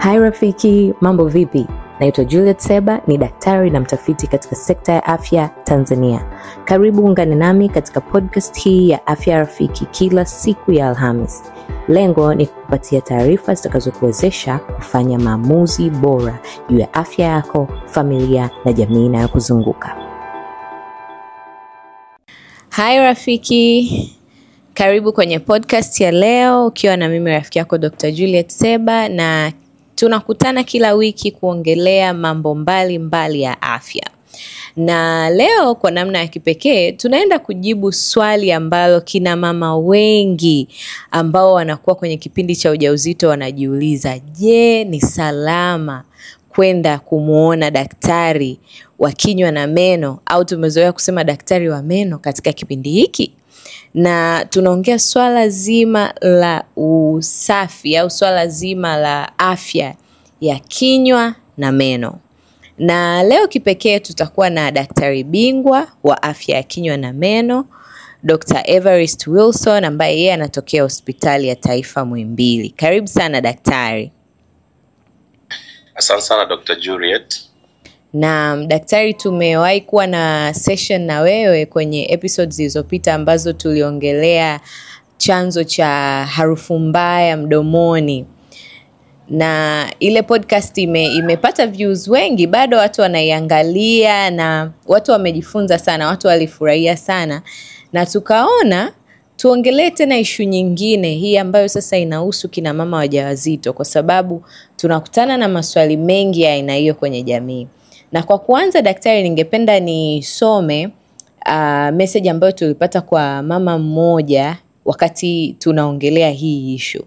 Hai rafiki, mambo vipi? Naitwa Juliet Seba, ni daktari na mtafiti katika sekta ya afya Tanzania. Karibu ungane nami katika podcast hii ya Afya Rafiki kila siku ya Alhamis. Lengo ni kukupatia taarifa zitakazokuwezesha kufanya maamuzi bora juu ya afya yako, familia na jamii inayokuzunguka. Hai rafiki, karibu kwenye podcast ya leo ukiwa na mimi rafiki yako Dr. Juliet Seba na Tunakutana kila wiki kuongelea mambo mbalimbali mbali ya afya. Na leo kwa namna ya kipekee tunaenda kujibu swali ambalo kina mama wengi ambao wanakuwa kwenye kipindi cha ujauzito wanajiuliza, je, ni salama kwenda kumwona daktari wa kinywa na meno au tumezoea kusema daktari wa meno katika kipindi hiki? na tunaongea swala zima la usafi au swala zima la afya ya kinywa na meno. Na leo kipekee tutakuwa na daktari bingwa wa afya ya kinywa na meno Dr. Everest Wilson ambaye yeye anatokea hospitali ya taifa mwimbili Karibu sana daktari. Asante sana Dr. Juliet na mm, daktari, tumewahi kuwa na session na wewe kwenye episodes zilizopita ambazo tuliongelea chanzo cha harufu mbaya mdomoni, na ile podcast ime, imepata views wengi, bado watu wanaiangalia na watu wamejifunza sana, watu walifurahia sana, na tukaona tuongelee tena ishu nyingine hii ambayo sasa inahusu kina mama wajawazito, kwa sababu tunakutana na maswali mengi ya aina hiyo kwenye jamii. Na kwa kuanza, daktari, ningependa nisome uh, message ambayo tulipata kwa mama mmoja wakati tunaongelea hii ishu.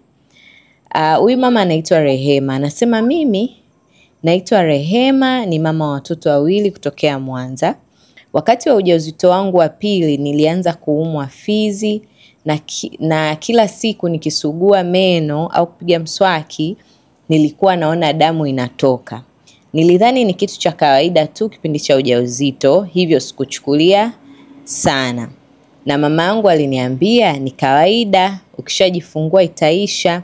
Ah, huyu uh, mama anaitwa Rehema, anasema mimi naitwa Rehema, ni mama wa watoto wawili kutokea Mwanza. Wakati wa ujauzito wangu wa pili nilianza kuumwa fizi na, ki, na kila siku nikisugua meno au kupiga mswaki nilikuwa naona damu inatoka. Nilidhani ni kitu cha kawaida tu kipindi cha ujauzito, hivyo sikuchukulia sana, na mama yangu aliniambia ni kawaida, ukishajifungua itaisha.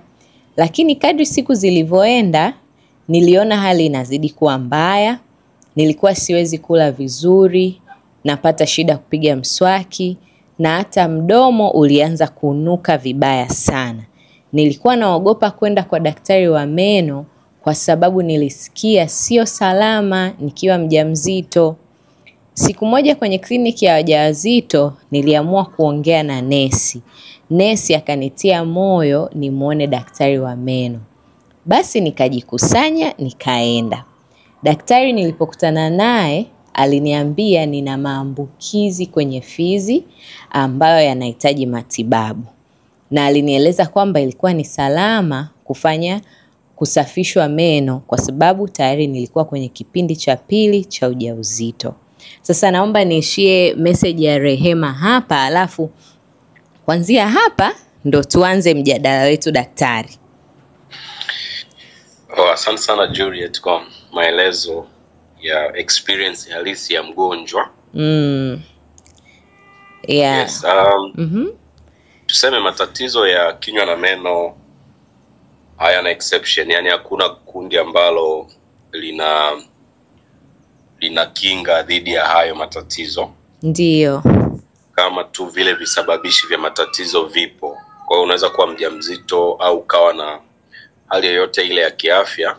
Lakini kadri siku zilivyoenda, niliona hali inazidi kuwa mbaya. Nilikuwa siwezi kula vizuri, napata shida kupiga mswaki na hata mdomo ulianza kunuka vibaya sana. Nilikuwa naogopa kwenda kwa daktari wa meno kwa sababu nilisikia sio salama nikiwa mjamzito. Siku moja kwenye kliniki ya wajawazito niliamua kuongea na nesi. Nesi akanitia moyo nimwone daktari wa meno. Basi nikajikusanya nikaenda. Daktari nilipokutana naye aliniambia nina maambukizi kwenye fizi ambayo yanahitaji matibabu. Na alinieleza kwamba ilikuwa ni salama kufanya kusafishwa meno kwa sababu tayari nilikuwa kwenye kipindi cha pili cha ujauzito. Sasa naomba niishie message ya Rehema hapa, alafu kuanzia hapa ndo tuanze mjadala wetu daktari. Oh, asante sana Juliet kwa maelezo ya experience halisi ya mgonjwa mm. yeah. Yes, um, mm -hmm. Tuseme matatizo ya kinywa na meno hayana exception, yani hakuna kundi ambalo lina lina kinga dhidi ya hayo matatizo. ndio kama tu vile visababishi vya matatizo vipo. Kwa hiyo unaweza kuwa mjamzito au ukawa na hali yoyote ile ya kiafya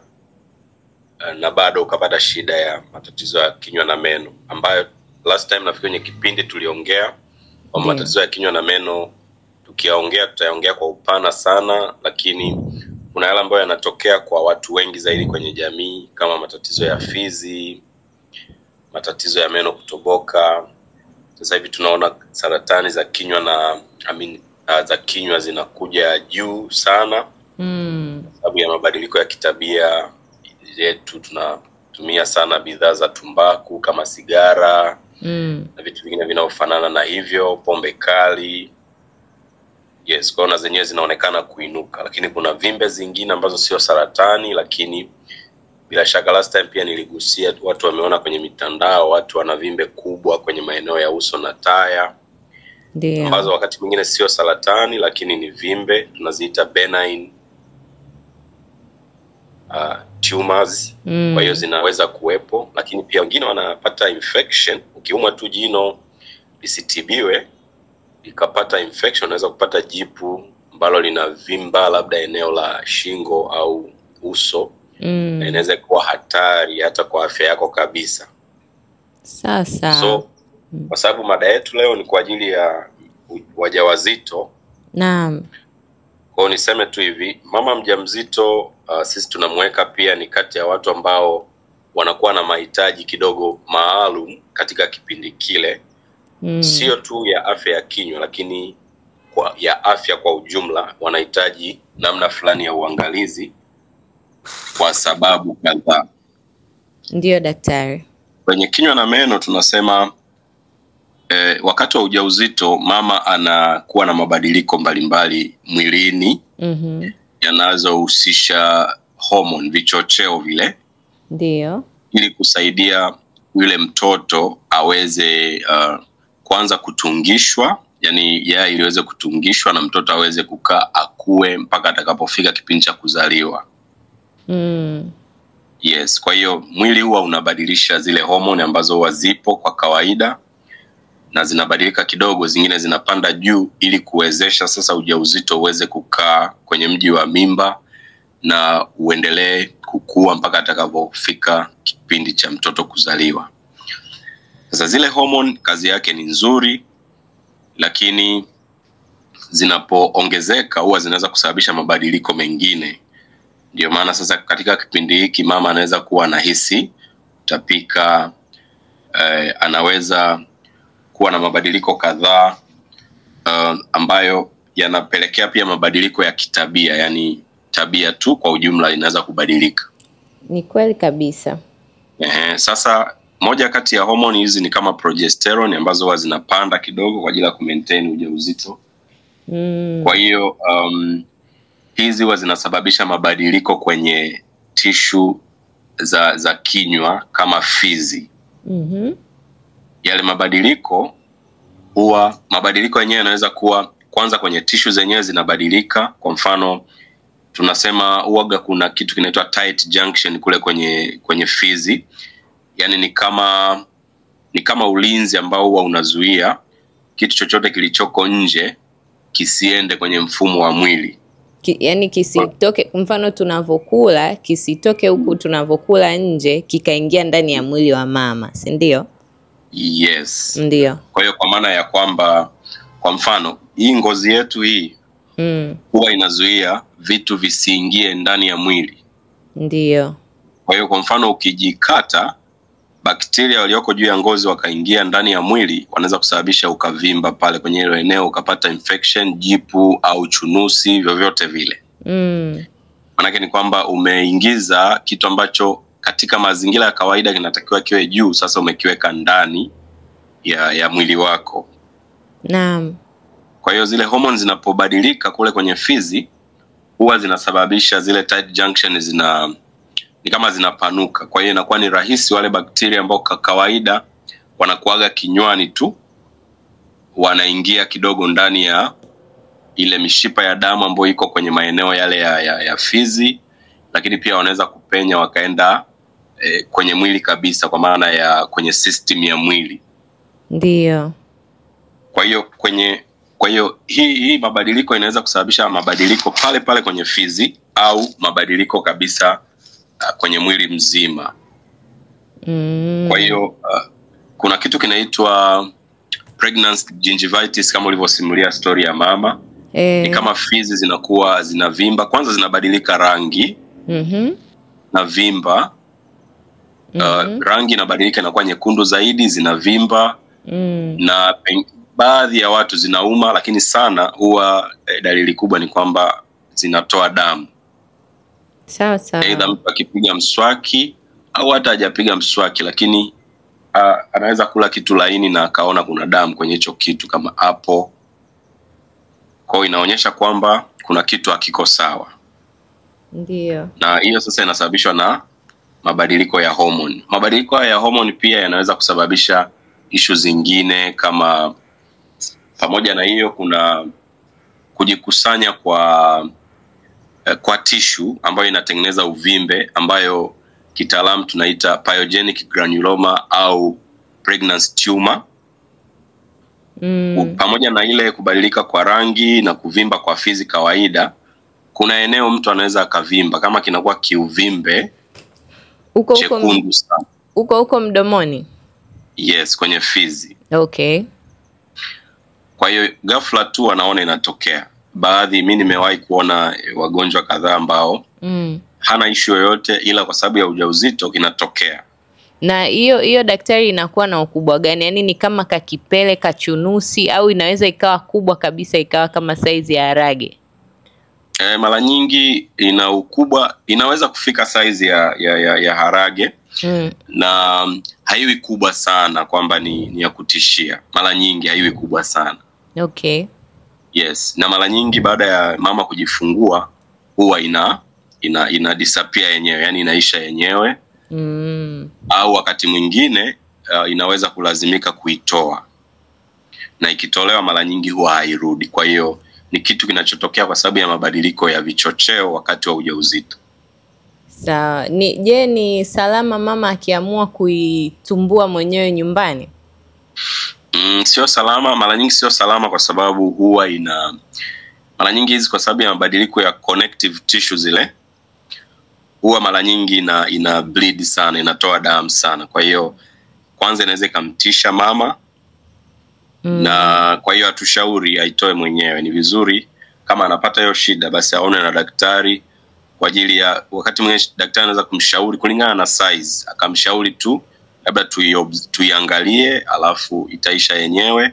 eh, na bado ukapata shida ya matatizo ya kinywa na meno, ambayo last time nafikiri kwenye kipindi tuliongea kwa matatizo ya kinywa na meno. Tukiyaongea tutayaongea kwa upana sana, lakini kuna yale ambayo yanatokea kwa watu wengi zaidi kwenye jamii kama matatizo ya fizi, matatizo ya meno kutoboka. Sasa hivi tunaona saratani za kinywa na I mean, ah, za kinywa zinakuja juu sana mm. sababu ya mabadiliko ya kitabia yetu, tunatumia sana bidhaa za tumbaku kama sigara mm. na vitu vingine vinavyofanana na hivyo, pombe kali Yes, kwa na zenyewe zinaonekana kuinuka, lakini kuna vimbe zingine ambazo sio saratani, lakini bila shaka last time pia niligusia, watu wameona kwenye mitandao, watu wana vimbe kubwa kwenye maeneo ya uso na taya Ndiyo. ambazo wakati mwingine sio saratani, lakini ni vimbe tunaziita benign uh, tumors mm. Kwa hiyo zinaweza kuwepo, lakini pia wengine wanapata infection. Ukiumwa tu jino lisitibiwe ikapata infection, unaweza kupata jipu ambalo lina vimba labda eneo la shingo au uso mm. inaweza kuwa hatari hata kwa afya yako kabisa. Sasa so kwa sababu mada yetu leo ni kwa ajili ya wajawazito, naam. Kwa niseme tu hivi, mama mjamzito uh, sisi tunamweka pia ni kati ya watu ambao wanakuwa na mahitaji kidogo maalum katika kipindi kile mm. sio tu ya afya ya kinywa, lakini kwa ya afya kwa ujumla, wanahitaji namna fulani ya uangalizi kwa sababu kadhaa. Ndiyo daktari, kwenye kinywa na meno tunasema eh, wakati wa ujauzito mama anakuwa na mabadiliko mbalimbali mwilini mm -hmm. yanazohusisha homoni, vichocheo vile, ndio ili kusaidia yule mtoto aweze uh, kwanza kutungishwa yani yai iliweze kutungishwa na mtoto aweze kukaa akue mpaka atakapofika kipindi cha kuzaliwa mm. yes kwa hiyo mwili huwa unabadilisha zile homoni ambazo huwa zipo kwa kawaida na zinabadilika kidogo zingine zinapanda juu ili kuwezesha sasa ujauzito uweze kukaa kwenye mji wa mimba na uendelee kukua mpaka atakapofika kipindi cha mtoto kuzaliwa sasa zile hormone kazi yake ni nzuri, lakini zinapoongezeka huwa zinaweza kusababisha mabadiliko mengine. Ndio maana sasa katika kipindi hiki mama anaweza kuwa anahisi tapika, eh, anaweza kuwa na mabadiliko kadhaa uh, ambayo yanapelekea pia mabadiliko ya kitabia, yani tabia tu kwa ujumla inaweza kubadilika. Ni kweli kabisa. Eh, sasa moja kati ya homoni hizi ni kama progesterone ambazo huwa zinapanda kidogo kwa ajili ya kumaintain ujauzito mm. Kwa hiyo um, hizi huwa zinasababisha mabadiliko kwenye tishu za za kinywa kama fizi mm -hmm. Yale mabadiliko huwa mabadiliko yenyewe yanaweza kuwa kwanza kwenye tishu zenyewe zinabadilika. Kwa mfano tunasema uoga, kuna kitu kinaitwa tight junction kule kwenye kwenye fizi yani ni kama ni kama ulinzi ambao huwa unazuia kitu chochote kilichoko nje kisiende kwenye mfumo wa mwili Ki, yani kisitoke, mfano tunavyokula kisitoke huku tunavyokula nje kikaingia ndani ya mwili wa mama, si ndio? Yes, ndio. Kwa hiyo kwa maana ya kwamba kwa mfano hii ngozi yetu hii mm, huwa inazuia vitu visiingie ndani ya mwili, ndio. Kwa hiyo kwa mfano ukijikata bakteria walioko juu ya ngozi wakaingia ndani ya mwili, wanaweza kusababisha ukavimba pale kwenye hilo eneo, ukapata infection, jipu au chunusi, vyovyote vile mm. Manake ni kwamba umeingiza kitu ambacho katika mazingira ya kawaida kinatakiwa kiwe juu, sasa umekiweka ndani ya, ya mwili wako. Naam. Kwa hiyo zile hormones zinapobadilika kule kwenye fizi huwa zinasababisha zile tight junction zina ni kama zinapanuka, kwa hiyo inakuwa ni rahisi wale bakteria ambao kwa kawaida wanakuaga kinywani tu wanaingia kidogo ndani ya ile mishipa ya damu ambayo iko kwenye maeneo yale ya, ya, ya fizi, lakini pia wanaweza kupenya wakaenda eh, kwenye mwili kabisa, kwa maana ya kwenye system ya mwili ndio Kwa hiyo kwenye kwa hiyo hii hii mabadiliko inaweza kusababisha mabadiliko pale pale kwenye fizi au mabadiliko kabisa uh, kwenye mwili mzima mm. Kwa hiyo uh, kuna kitu kinaitwa pregnancy gingivitis kama ulivyosimulia stori ya mama e. Ni kama fizi zinakuwa zinavimba, kwanza zinabadilika rangi mm -hmm. na vimba mm -hmm. uh, mm-hmm. rangi inabadilika inakuwa nyekundu zaidi, zinavimba mm. na baadhi ya watu zinauma, lakini sana huwa eh, dalili kubwa ni kwamba zinatoa damu sawa sawa. Aidha, mtu akipiga mswaki au hata hajapiga mswaki, lakini uh, anaweza kula kitu laini na akaona kuna damu kwenye hicho kitu kama hapo kwao, inaonyesha kwamba kuna kitu hakiko sawa. Ndiyo. Na hiyo sasa inasababishwa na mabadiliko ya homoni. Mabadiliko ya homoni pia yanaweza kusababisha ishu zingine kama pamoja na hiyo, kuna kujikusanya kwa Eh, kwa tishu ambayo inatengeneza uvimbe ambayo kitaalamu tunaita pyogenic granuloma au pregnancy tumor. Mm. Pamoja na ile kubadilika kwa rangi na kuvimba kwa fizi kawaida, kuna eneo mtu anaweza akavimba kama kinakuwa kiuvimbe uko chekundu sana uko huko mdomoni. Yes, kwenye fizi. Okay. Kwa hiyo ghafla tu anaona inatokea baadhi, mi nimewahi kuona eh, wagonjwa kadhaa ambao mm. hana ishu yoyote, ila kwa sababu ya ujauzito inatokea. Na hiyo hiyo daktari, inakuwa na ukubwa gani? Yaani ni kama kakipele kachunusi, au inaweza ikawa kubwa kabisa ikawa kama saizi ya harage? E, eh, mara nyingi ina ukubwa, inaweza kufika saizi ya, ya, ya, ya harage mm. na mm, haiwi kubwa sana kwamba ni, ni ya kutishia. Mara nyingi haiwi kubwa sana okay. Yes, na mara nyingi baada ya mama kujifungua huwa ina ina, ina disappear yenyewe, yani inaisha yenyewe mm. Au wakati mwingine uh, inaweza kulazimika kuitoa, na ikitolewa mara nyingi huwa hairudi. Kwa hiyo ni kitu kinachotokea kwa sababu ya mabadiliko ya vichocheo wakati wa ujauzito. Sawa. Ni je, ni salama mama akiamua kuitumbua mwenyewe nyumbani? Mm, sio salama, mara nyingi sio salama kwa sababu huwa ina mara nyingi hizi, kwa sababu ya mabadiliko ya connective tissue zile, huwa mara nyingi ina, ina bleed sana, inatoa damu sana. Kwa hiyo kwanza inaweza ikamtisha mama mm. na kwa hiyo hatushauri aitoe mwenyewe. Ni vizuri kama anapata hiyo shida, basi aone na daktari kwa ajili ya, wakati mwingine daktari anaweza kumshauri kulingana na size, akamshauri tu labda tuiangalie, alafu itaisha yenyewe,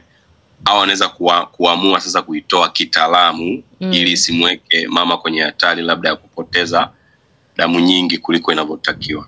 au anaweza kuamua sasa kuitoa kitaalamu mm. ili isimweke mama kwenye hatari labda ya kupoteza damu nyingi kuliko inavyotakiwa.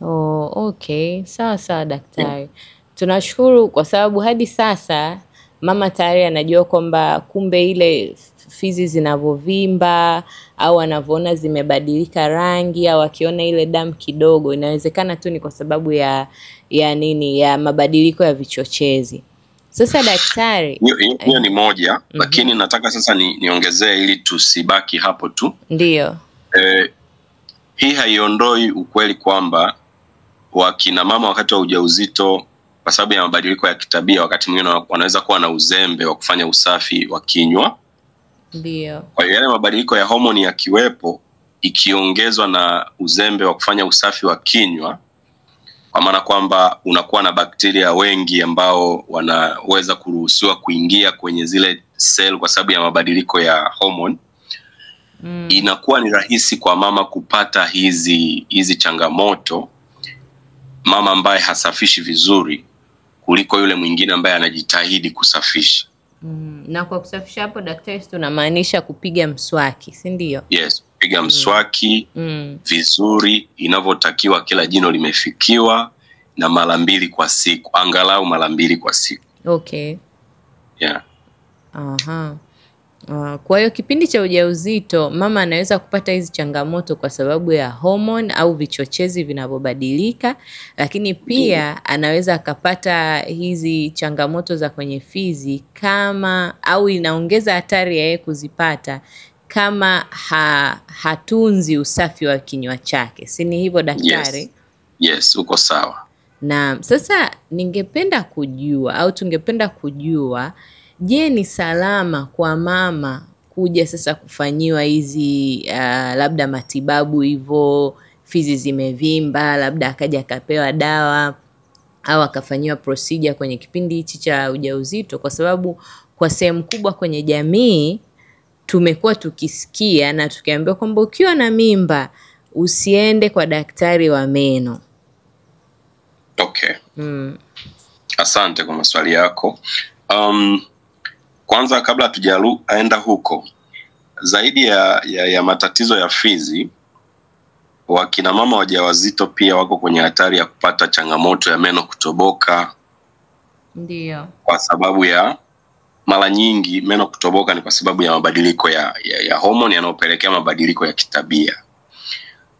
Oh, okay, sawa sawa daktari, mm. Tunashukuru kwa sababu hadi sasa mama tayari anajua kwamba kumbe ile fizi zinavovimba au anavyoona zimebadilika rangi au akiona ile damu kidogo, inawezekana tu ni kwa sababu ya ya nini, ya mabadiliko ya vichochezi. Sasa daktari, hiyo eh, ni moja mm -hmm. Lakini nataka sasa niongezee ni ili tusibaki hapo tu, ndio eh, hii haiondoi ukweli kwamba wakina mama wakati wa ujauzito kwa sababu ya mabadiliko ya kitabia, wakati mwingine wanaweza kuwa na uzembe wa kufanya usafi wa kinywa ndio. Kwa hiyo yale mabadiliko ya homoni yakiwepo, ikiongezwa na uzembe wa kufanya usafi wa kinywa, kwa maana kwamba unakuwa na bakteria wengi ambao wanaweza kuruhusiwa kuingia kwenye zile sel kwa sababu ya mabadiliko ya homoni mm. Inakuwa ni rahisi kwa mama kupata hizi hizi changamoto, mama ambaye hasafishi vizuri kuliko yule mwingine ambaye anajitahidi kusafisha. Mm. na kwa kusafisha hapo daktari, tunamaanisha kupiga mswaki, si ndio? Yes, piga mswaki mm. mm. vizuri inavyotakiwa, kila jino limefikiwa, na mara mbili kwa siku, angalau mara mbili kwa siku. Okay. Yeah. Aha. Ah, kwa hiyo kipindi cha ujauzito mama anaweza kupata hizi changamoto kwa sababu ya homoni au vichochezi vinavyobadilika, lakini pia anaweza akapata hizi changamoto za kwenye fizi kama au inaongeza hatari ya yeye kuzipata kama ha, hatunzi usafi wa kinywa chake, si ni hivyo daktari? Yes. Yes, uko sawa. Naam, sasa ningependa kujua au tungependa kujua Je, ni salama kwa mama kuja sasa kufanyiwa hizi uh, labda matibabu hivyo, fizi zimevimba, labda akaja akapewa dawa au akafanyiwa procedure kwenye kipindi hichi cha ujauzito, kwa sababu kwa sehemu kubwa kwenye jamii tumekuwa tukisikia na tukiambiwa kwamba ukiwa na mimba usiende kwa daktari wa meno. Okay. Mm. Asante kwa maswali yako. Um, kwanza kabla hatujaenda huko, zaidi ya, ya, ya matatizo ya fizi, wakina mama wajawazito pia wako kwenye hatari ya kupata changamoto ya meno kutoboka. Ndiyo. Kwa sababu ya mara nyingi meno kutoboka ni kwa sababu ya mabadiliko ya, ya, ya homoni yanayopelekea mabadiliko ya kitabia.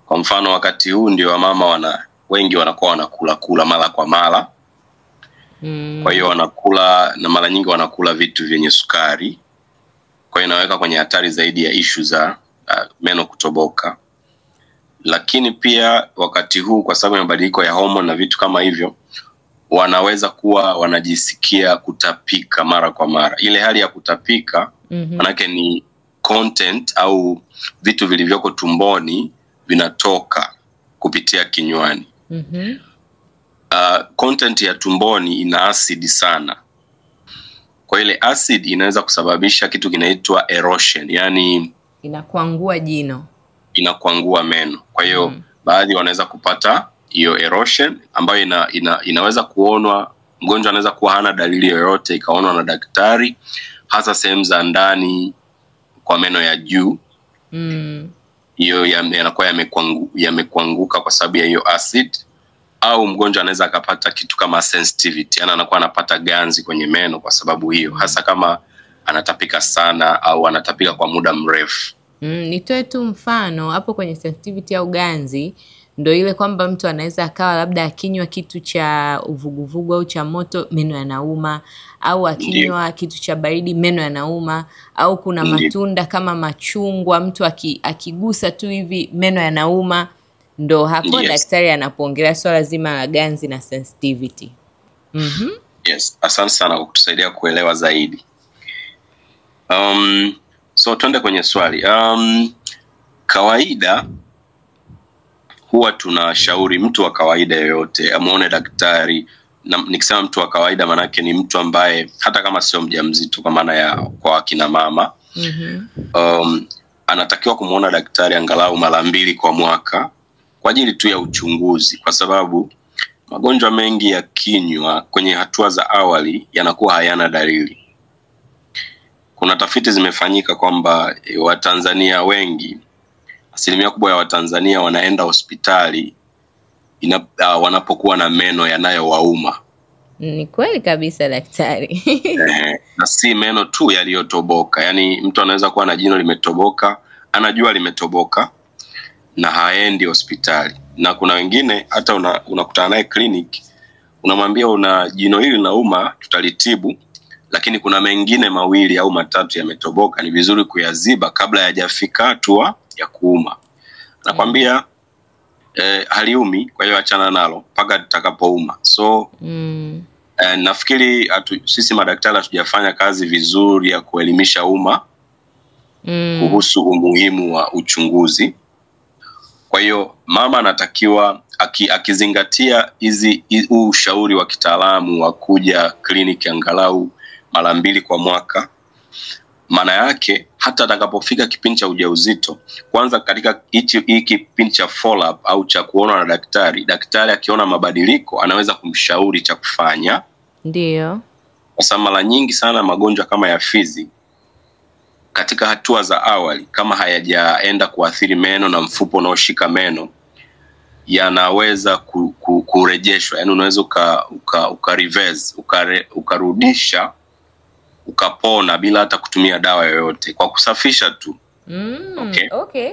Kwa mfano wakati huu ndio wamama wana wengi wanakuwa wanakula kula mara kwa mara mm. Kwa hiyo wanakula na mara nyingi wanakula vitu vyenye sukari, kwa hiyo inaweka kwenye hatari zaidi ya ishu za uh, meno kutoboka. Lakini pia wakati huu, kwa sababu ya mabadiliko ya homoni na vitu kama hivyo, wanaweza kuwa wanajisikia kutapika mara kwa mara. Ile hali ya kutapika mhm. manake mm -hmm. ni content au vitu vilivyoko tumboni vinatoka kupitia kinywani. mm -hmm uh, content ya tumboni ina asidi sana. Kwa ile asidi inaweza kusababisha kitu kinaitwa erosion, yani inakuangua jino, inakuangua meno. Kwa hiyo mm, baadhi wanaweza kupata hiyo erosion ambayo ina, ina, inaweza kuonwa. Mgonjwa anaweza kuwa hana dalili yoyote ikaonwa na daktari, hasa sehemu za ndani kwa meno ya juu mm. hiyo mm, yanakuwa yamekuanguka kwa sababu ya hiyo acid au mgonjwa anaweza akapata kitu kama sensitivity, yani anakuwa anapata ganzi kwenye meno kwa sababu hiyo, mm. hasa kama anatapika sana au anatapika kwa muda mrefu. Mm, nitoe tu mfano hapo kwenye sensitivity au ganzi ndo ile kwamba mtu anaweza akawa labda akinywa kitu cha uvuguvugu au cha moto meno yanauma, au akinywa kitu cha baridi meno yanauma, au kuna Ndiyo. matunda kama machungwa mtu akigusa tu hivi meno yanauma ndo hapo yes. daktari anapoongelea swala so zima la ganzi na sensitivity mm-hmm. yes asante sana kwa kutusaidia kuelewa zaidi um, so tuende kwenye swali um, kawaida huwa tunashauri mtu wa kawaida yoyote amwone daktari na, nikisema mtu wa kawaida maanake ni mtu ambaye hata kama sio mja mzito kwa maana ya kwa akina mama mm-hmm. um, anatakiwa kumwona daktari angalau mara mbili kwa mwaka kwa ajili tu ya uchunguzi, kwa sababu magonjwa mengi ya kinywa kwenye hatua za awali yanakuwa hayana dalili. Kuna tafiti zimefanyika kwamba e, Watanzania wengi, asilimia kubwa ya Watanzania wanaenda hospitali ina, uh, wanapokuwa na meno yanayowauma. Ni kweli kabisa daktari. na si meno tu yaliyotoboka, yaani mtu anaweza kuwa na jino limetoboka, anajua limetoboka, na haendi hospitali, na kuna wengine hata unakutana una naye clinic, unamwambia una jino hili linauma, tutalitibu, lakini kuna mengine mawili au matatu yametoboka, ni vizuri kuyaziba kabla yajafika hatua ya kuuma. Nakwambia eh, haliumi, kwa hiyo achana nalo mpaka tutakapouma So mm. eh, nafikiri atu, sisi madaktari hatujafanya kazi vizuri ya kuelimisha umma mm. kuhusu umuhimu wa uchunguzi kwa hiyo mama anatakiwa aki, akizingatia hizi huu ushauri wa kitaalamu wa kuja kliniki angalau mara mbili kwa mwaka, maana yake hata atakapofika kipindi cha ujauzito, kwanza katika hii kipindi cha follow up au cha kuona na daktari, daktari akiona mabadiliko anaweza kumshauri cha kufanya. ndio kwa sababu mara nyingi sana magonjwa kama ya fizi katika hatua za awali kama hayajaenda kuathiri meno na mfupo unaoshika meno yanaweza ku, ku, kurejeshwa. Yani unaweza uka, uka, uka reverse ukarudisha ukapona bila hata kutumia dawa yoyote kwa kusafisha tu. Mm, okay. Okay.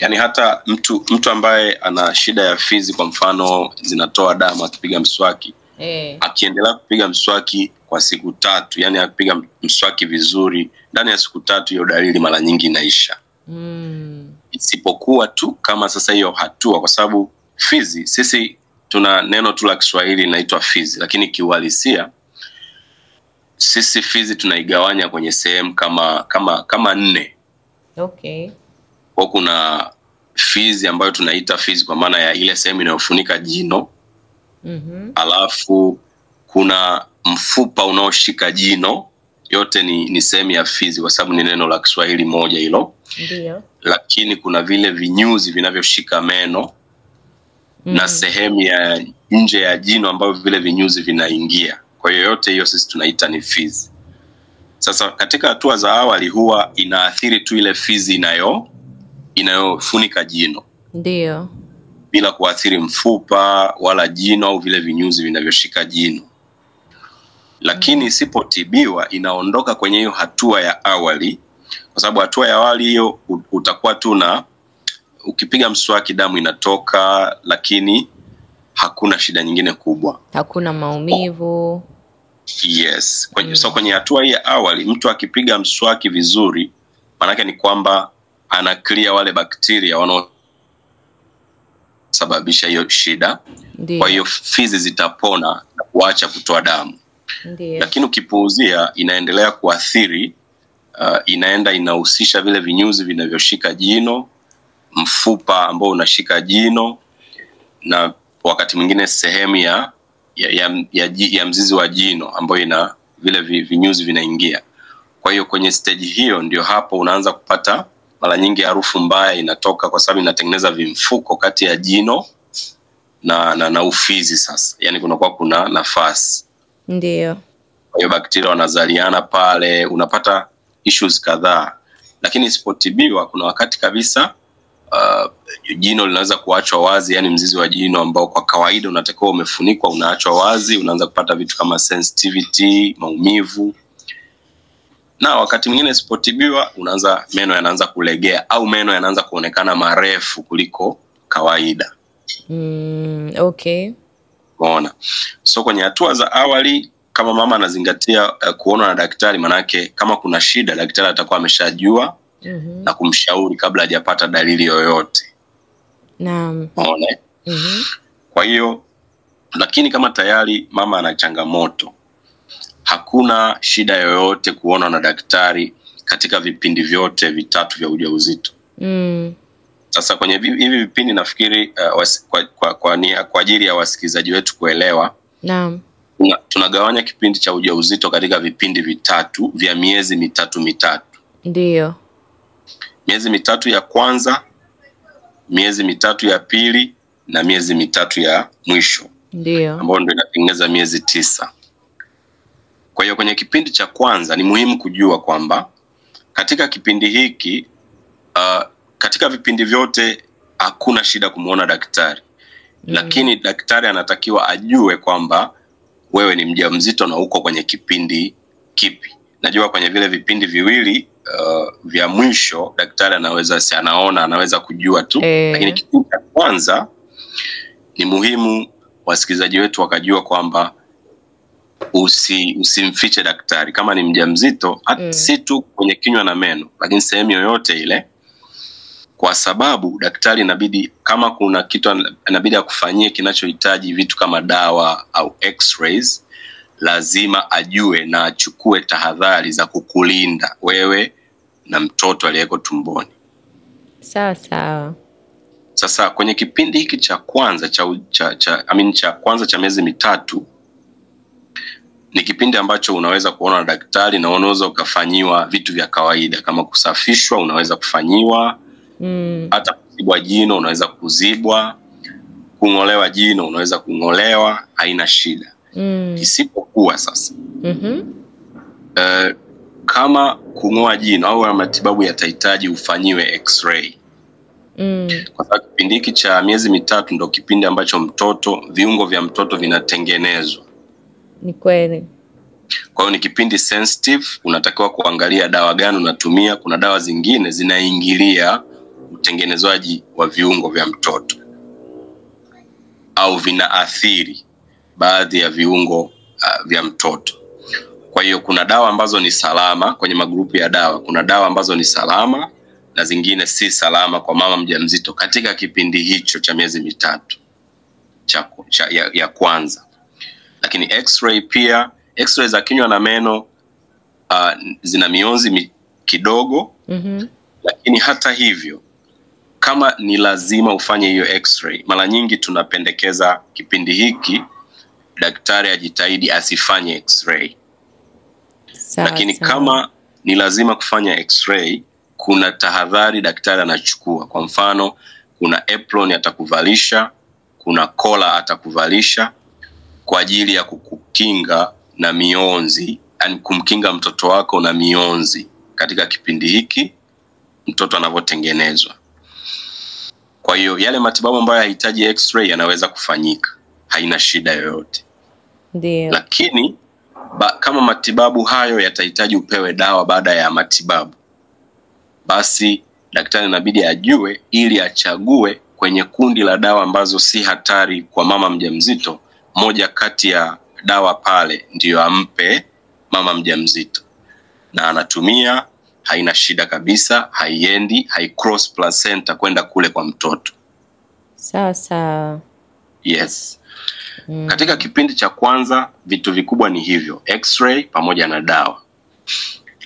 Yani hata mtu mtu ambaye ana shida ya fizi kwa mfano zinatoa damu akipiga mswaki eh, Akiendelea kupiga mswaki kwa siku tatu, yani akipiga mswaki vizuri ndani ya siku tatu, hiyo dalili mara nyingi inaisha mm. Isipokuwa tu kama sasa hiyo hatua, kwa sababu fizi sisi tuna neno tu la Kiswahili linaitwa fizi, lakini kiuhalisia sisi fizi tunaigawanya kwenye sehemu kama kama kama nne. Okay. Kwa kuna fizi ambayo tunaita fizi kwa maana ya ile sehemu inayofunika jino mm -hmm. Alafu kuna mfupa unaoshika jino, yote ni, ni sehemu ya fizi kwa sababu ni neno la Kiswahili moja hilo. Lakini kuna vile vinyuzi vinavyoshika meno mm -hmm. na sehemu ya nje ya jino ambayo vile vinyuzi vinaingia. Kwa hiyo yote hiyo sisi tunaita ni fizi. Sasa katika hatua za awali huwa inaathiri tu ile fizi inayo inayofunika jino. ndio bila kuathiri mfupa wala jino au vile vinyuzi vinavyoshika jino, lakini mm. isipotibiwa inaondoka kwenye hiyo hatua ya awali, kwa sababu hatua ya awali hiyo utakuwa tu na ukipiga mswaki damu inatoka, lakini hakuna shida nyingine kubwa, hakuna maumivu. Yes, kwenye, mm. So kwenye hatua hii ya awali mtu akipiga mswaki vizuri, maanake ni kwamba ana clear wale bakteria wanao sababisha hiyo shida Ndiye. Kwa hiyo fizi zitapona na kuacha kutoa damu Lakini ukipuuzia inaendelea kuathiri uh, inaenda inahusisha vile vinyuzi vinavyoshika jino, mfupa ambao unashika jino na wakati mwingine sehemu ya, ya, ya, ya, ya mzizi wa jino ambayo ina vile vinyuzi vinaingia. Kwa hiyo kwenye stage hiyo ndio hapo unaanza kupata mara nyingi harufu mbaya inatoka kwa sababu inatengeneza vimfuko kati ya jino na, na, na ufizi. Sasa yani kunakuwa kuna nafasi, ndio hiyo bakteria wanazaliana pale, unapata issues kadhaa, lakini isipotibiwa kuna wakati kabisa uh, jino linaweza kuachwa wazi, yani mzizi wa jino ambao kwa kawaida unatakiwa umefunikwa unaachwa wazi, unaanza kupata vitu kama sensitivity, maumivu na wakati mwingine sipotibiwa unaanza meno yanaanza kulegea au meno yanaanza kuonekana marefu kuliko kawaida. Mm, okay. Umeona? So kwenye hatua za awali kama mama anazingatia uh, eh, kuona na daktari, manake kama kuna shida daktari atakuwa ameshajua mm -hmm. na kumshauri kabla hajapata dalili yoyote. Naam. Mm -hmm. Kwa hiyo lakini kama tayari mama ana changamoto Hakuna shida yoyote kuonwa na daktari katika vipindi vyote vitatu vya ujauzito. Mm. Sasa kwenye hivi vipindi nafikiri uh, was, kwa, kwa, kwa, kwa, kwa ajili ya wasikilizaji wetu kuelewa. Naam. Tuna, tunagawanya kipindi cha ujauzito katika vipindi vitatu vya miezi mitatu mitatu. ndio Miezi mitatu ya kwanza, miezi mitatu ya pili na miezi mitatu ya mwisho. Ndiyo. Ambayo ndio inatengeneza miezi tisa. Kwa hiyo kwenye kipindi cha kwanza ni muhimu kujua kwamba katika kipindi hiki uh, katika vipindi vyote hakuna shida kumwona daktari mm. Lakini daktari anatakiwa ajue kwamba wewe ni mjamzito na uko kwenye kipindi kipi. Najua kwenye vile vipindi viwili uh, vya mwisho daktari anaweza si anaona anaweza kujua tu e. Lakini kipindi cha kwanza ni muhimu wasikilizaji wetu wakajua kwamba usi, usimfiche daktari kama ni mjamzito mm. si tu kwenye kinywa na meno, lakini sehemu yoyote ile, kwa sababu daktari inabidi, kama kuna kitu inabidi akufanyie kinachohitaji vitu kama dawa au x-rays, lazima ajue na achukue tahadhari za kukulinda wewe na mtoto aliyeko tumboni. Sawa sawa. Sasa kwenye kipindi hiki cha kwanza cha, cha, cha, I mean, cha kwanza cha miezi mitatu ni kipindi ambacho unaweza kuona na daktari na unaweza ukafanyiwa vitu vya kawaida kama kusafishwa, unaweza kufanyiwa mm. hata kuzibwa jino unaweza kuzibwa, kung'olewa jino unaweza kung'olewa, haina shida mm. isipokuwa sasa mm -hmm. uh, kama kung'oa jino au matibabu yatahitaji ufanyiwe x-ray mm. kwa sababu kipindi hiki cha miezi mitatu ndo kipindi ambacho mtoto viungo vya mtoto vinatengenezwa ni kweli. Kwa hiyo ni kipindi sensitive, unatakiwa kuangalia dawa gani unatumia. Kuna dawa zingine zinaingilia utengenezwaji wa viungo vya mtoto au vinaathiri baadhi ya viungo uh, vya mtoto. Kwa hiyo kuna dawa ambazo ni salama kwenye magrupu ya dawa, kuna dawa ambazo ni salama na zingine si salama kwa mama mjamzito katika kipindi hicho cha miezi mitatu cha, cha, ya, ya kwanza lakini x-ray pia x-ray za kinywa na meno uh, zina mionzi kidogo mm -hmm. Lakini hata hivyo kama ni lazima ufanye hiyo x-ray, mara nyingi tunapendekeza kipindi hiki daktari ajitahidi asifanye x-ray. lakini sawa. Kama ni lazima kufanya x-ray, kuna tahadhari daktari anachukua. Kwa mfano, kuna apron atakuvalisha, kuna kola atakuvalisha kwa ajili ya kukukinga na mionzi, yani kumkinga mtoto wako na mionzi katika kipindi hiki mtoto anavyotengenezwa. Kwa hiyo yale matibabu ambayo yahitaji x-ray yanaweza kufanyika, haina shida yoyote. Ndiyo. Lakini ba, kama matibabu hayo yatahitaji upewe dawa baada ya matibabu, basi daktari inabidi ajue ili achague kwenye kundi la dawa ambazo si hatari kwa mama mjamzito moja kati ya dawa pale ndiyo ampe mama mjamzito, na anatumia, haina shida kabisa, haiendi hai cross placenta kwenda kule kwa mtoto. Sawa sawa, yes. Mm. Katika kipindi cha kwanza vitu vikubwa ni hivyo, x-ray pamoja na dawa,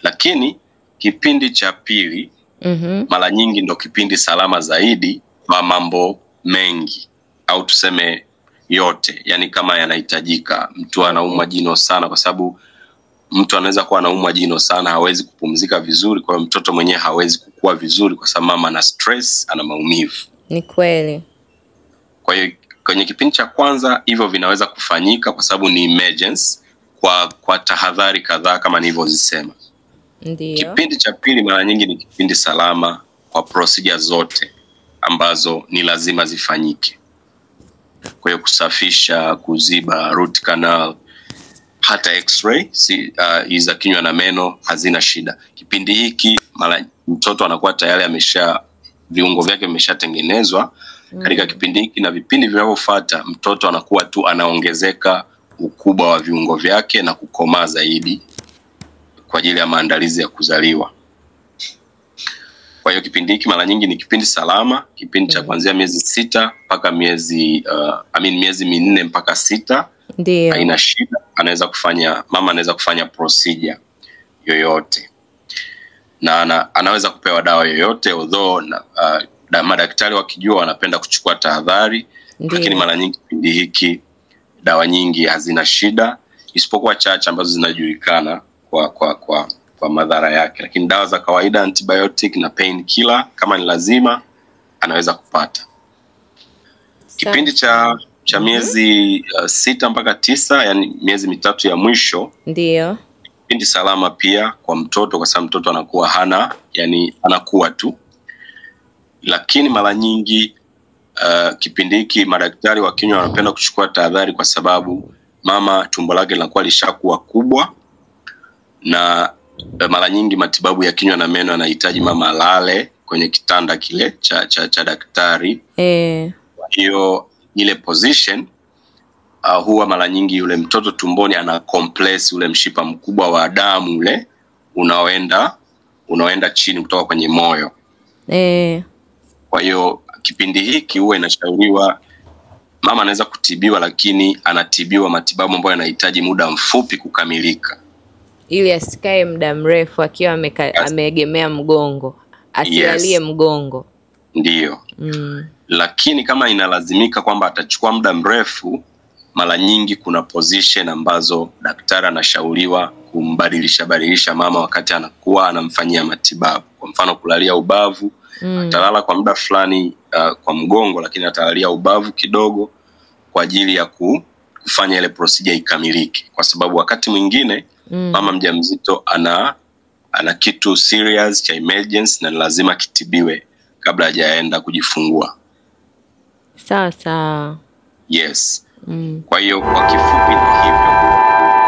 lakini kipindi cha pili mm -hmm. mara nyingi ndo kipindi salama zaidi kwa mambo mengi au tuseme yote, yani kama yanahitajika. Mtu anaumwa jino sana, kwa sababu mtu anaweza kuwa anaumwa jino sana, hawezi kupumzika vizuri, kwa hiyo mtoto mwenyewe hawezi kukua vizuri, kwa sababu mama ana stress, ana maumivu. Ni kweli. Kwa hiyo kwenye kipindi cha kwanza hivyo vinaweza kufanyika kwa sababu ni emergency, kwa kwa tahadhari kadhaa kama nilivyozisema. Ndiyo. Kipindi cha pili mara nyingi ni kipindi salama kwa procedure zote ambazo ni lazima zifanyike kwa hiyo kusafisha, kuziba root canal, hata x-ray si, uh, za kinywa na meno hazina shida. Kipindi hiki mara mtoto anakuwa tayari amesha viungo vyake vimeshatengenezwa mm. Katika kipindi hiki na vipindi vinavyofuata, mtoto anakuwa tu anaongezeka ukubwa wa viungo vyake na kukomaa zaidi kwa ajili ya maandalizi ya kuzaliwa. Kwa hiyo kipindi hiki mara nyingi ni kipindi salama, kipindi cha mm. kuanzia miezi sita mpaka miezi uh, I mean miezi minne mpaka sita. Ndio, haina shida, anaweza kufanya mama anaweza kufanya procedure yoyote na ana, anaweza kupewa dawa yoyote although uh, da, madaktari wakijua wanapenda kuchukua tahadhari, lakini mara nyingi kipindi hiki dawa nyingi hazina shida isipokuwa chache ambazo zinajulikana kwa kwa kwa kwa madhara yake, lakini dawa za kawaida antibiotic na pain killer kama ni lazima anaweza kupata. Kipindi cha cha mhm. miezi uh, sita mpaka tisa, yani miezi mitatu ya mwisho ndio kipindi salama pia kwa mtoto, kwa sababu mtoto anakuwa hana yani anakuwa tu, lakini mara nyingi uh, kipindi hiki madaktari wa kinywa wanapenda kuchukua tahadhari, kwa sababu mama tumbo lake linakuwa lishakuwa kubwa na Eh, mara nyingi matibabu ya kinywa na meno yanahitaji mama alale kwenye kitanda kile cha cha, cha daktari e. ile position uh, huwa mara nyingi yule mtoto tumboni ana ule mshipa mkubwa wa damu ule unaoenda unaoenda chini kutoka kwenye moyo e. Kwa hiyo kipindi hiki huwa inashauriwa mama anaweza kutibiwa, lakini anatibiwa matibabu ambayo yanahitaji muda mfupi kukamilika ili asikae muda mrefu akiwa ameegemea mgongo, asilalie yes. mgongo ndiyo. mm. Lakini kama inalazimika kwamba atachukua muda mrefu, mara nyingi kuna position ambazo daktari anashauriwa kumbadilisha badilisha mama wakati anakuwa anamfanyia matibabu, kwa mfano kulalia ubavu mm. atalala kwa muda fulani uh, kwa mgongo, lakini atalalia ubavu kidogo kwa ajili ya kufanya ile procedure ikamilike, kwa sababu wakati mwingine mm. mama mjamzito ana ana kitu serious cha emergency na lazima kitibiwe kabla hajaenda kujifungua. Sawa sawa. Yes. Mm. Kwa hiyo kwa kifupi ni hivyo.